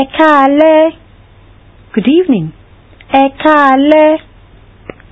Ekale. Good evening. Ekale.